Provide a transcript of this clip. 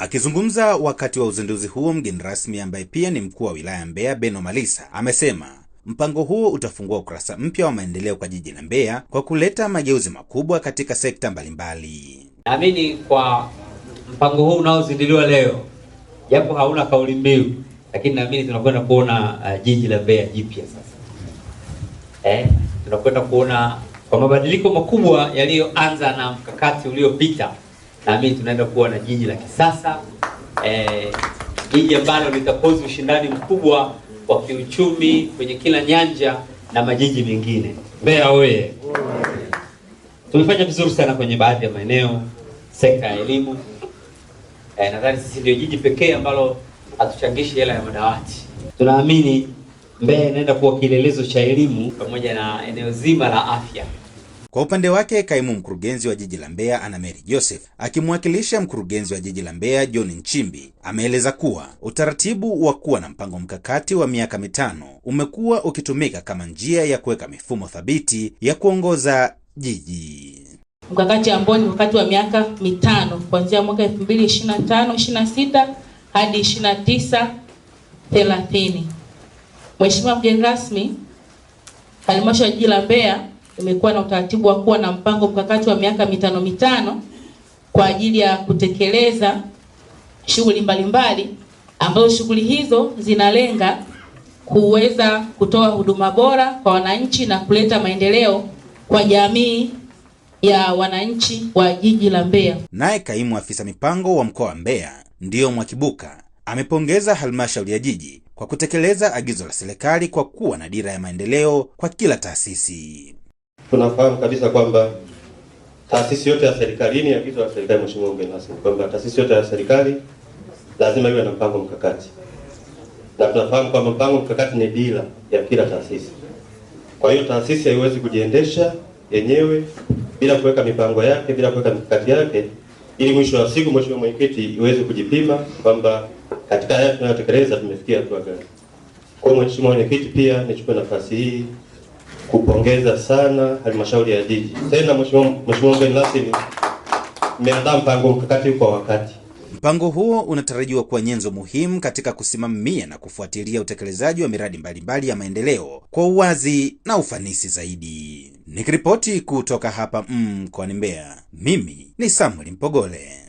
Akizungumza wakati wa uzinduzi huo, mgeni rasmi ambaye pia ni mkuu wa wilaya Mbeya Beno Malisa amesema mpango huo utafungua ukurasa mpya wa maendeleo kwa jiji la Mbeya kwa kuleta mageuzi makubwa katika sekta mbalimbali. Naamini kwa mpango huu unaozinduliwa leo, japo hauna kauli mbiu, lakini naamini tunakwenda kuona uh, jiji la Mbeya jipya sasa. Eh, tunakwenda kuona kwa mabadiliko makubwa yaliyoanza na mkakati uliopita Naamini tunaenda kuwa na jiji la kisasa eh, jiji ambalo litapozi ushindani mkubwa wa kiuchumi kwenye kila nyanja na majiji mengine. Mbeya oye! Tumefanya vizuri sana kwenye baadhi ya maeneo, sekta ya elimu eh, nadhani sisi ndio jiji pekee ambalo hatuchangishi hela ya madawati. Tunaamini Mbeya inaenda kuwa kielelezo cha elimu pamoja na eneo zima la afya. Kwa upande wake kaimu mkurugenzi wa jiji la Mbeya Anna Mary Joseph akimwakilisha mkurugenzi wa jiji la Mbeya John Nchimbi ameeleza kuwa utaratibu wa kuwa na mpango mkakati wa miaka mitano umekuwa ukitumika kama njia ya kuweka mifumo thabiti ya kuongoza jiji. Mkakati ambao ni mkakati wa miaka mitano kuanzia mwaka 2025 sita hadi tisa thelathini. Mheshimiwa mgeni rasmi, halmashauri ya jiji la Mbeya imekuwa na utaratibu wa kuwa na mpango mkakati wa miaka mitano mitano kwa ajili ya kutekeleza shughuli mbalimbali ambazo shughuli hizo zinalenga kuweza kutoa huduma bora kwa wananchi na kuleta maendeleo kwa jamii ya wananchi wa jiji la Mbeya. Naye kaimu afisa mipango wa mkoa wa Mbeya, Ndio Mwakibuka, amepongeza halmashauri ya jiji kwa kutekeleza agizo la serikali kwa kuwa na dira ya maendeleo kwa kila taasisi tunafahamu kabisa kwamba taasisi yote ya serikali ni agizo la serikali, Mheshimiwa mgeni rasmi, kwamba taasisi yote ya serikali lazima iwe na mpango mkakati, na tunafahamu kwamba mpango mkakati ni dira ya kila taasisi. Kwa hiyo taasisi haiwezi kujiendesha yenyewe bila kuweka mipango yake, bila kuweka mikakati yake, ili mwisho wa siku, Mheshimiwa Mwenyekiti, iweze kujipima kwamba katika haya tunayotekeleza tumefikia hatua gani. Kwa Mheshimiwa Mwenyekiti, pia nichukue nafasi hii kupongeza sana halmashauri ya jiji. Tena mheshimiwa mgeni rasmi, mmeandaa mpango mkakati kwa wakati. Mpango huo unatarajiwa kuwa nyenzo muhimu katika kusimamia na kufuatilia utekelezaji wa miradi mbalimbali ya maendeleo kwa uwazi na ufanisi zaidi. Nikiripoti kutoka hapa mkoani mm, Mbeya, mimi ni Samuel Mpogole.